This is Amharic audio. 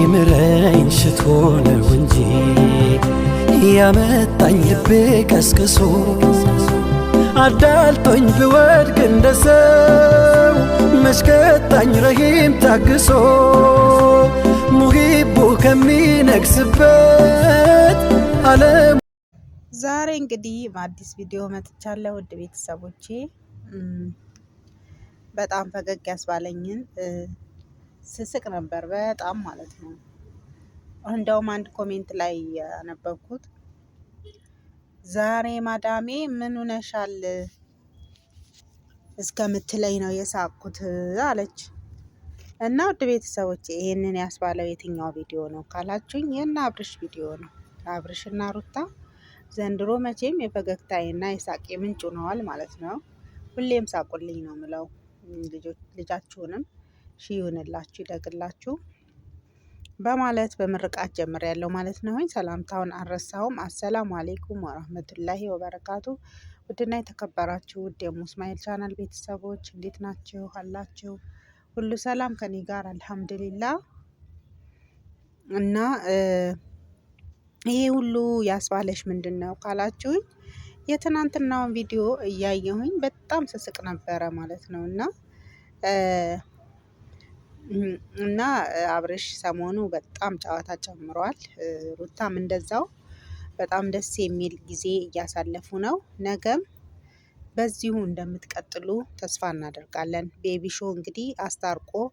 ሊምረኝ ሽቶ ነው እንጂ ያመጣኝ ልቤ ቀስቅሶ አዳልጦኝ ብወድቅ እንደ ሰው መሽከጣኝ ረሂም ታግሶ ሙሂቡ ከሚነግስበት ዓለም ዛሬ እንግዲህ በአዲስ ቪዲዮ መጥቻለሁ። ውድ ቤተሰቦቼ በጣም ፈገግ ያስባለኝን ስስቅ ነበር በጣም ማለት ነው። እንደውም አንድ ኮሜንት ላይ ያነበብኩት ዛሬ ማዳሜ ምን ነሻል እስከምትለኝ ነው የሳቅኩት አለች። እና ውድ ቤተሰቦች ይህንን ያስባለው የትኛው ቪዲዮ ነው ካላችሁኝ፣ የእነ አብርሽ ቪዲዮ ነው። አብርሽ እና ሩታ ዘንድሮ መቼም የፈገግታዬና የሳቄ ምንጭ ሆነዋል ማለት ነው። ሁሌም ሳቁልኝ ነው ምለው። ልጃችሁንም ሺ ይሁንላችሁ ይደግላችሁ በማለት በምርቃት ያለው ማለት ነው ሰላምታውን አልረሳሁም። አሰላሙ አሌይኩም ወረህመቱላሂ ወበረካቱ። ውድና የተከበራችሁ ውድ የሙስማኤል ቻናል ቤተሰቦች እንዴት ናችሁ? አላችሁ ሁሉ ሰላም ከኔ ጋር አልሐምዱሊላ። እና ይሄ ሁሉ ያስባለሽ ምንድን ነው ካላችሁኝ የትናንትናውን ቪዲዮ እያየሁኝ በጣም ስስቅ ነበረ ማለት ነው እና እና አብርሽ ሰሞኑ በጣም ጨዋታ ጨምሯል። ሩታም እንደዛው በጣም ደስ የሚል ጊዜ እያሳለፉ ነው። ነገም በዚሁ እንደምትቀጥሉ ተስፋ እናደርጋለን። ቤቢ እንግዲህ አስታርቆ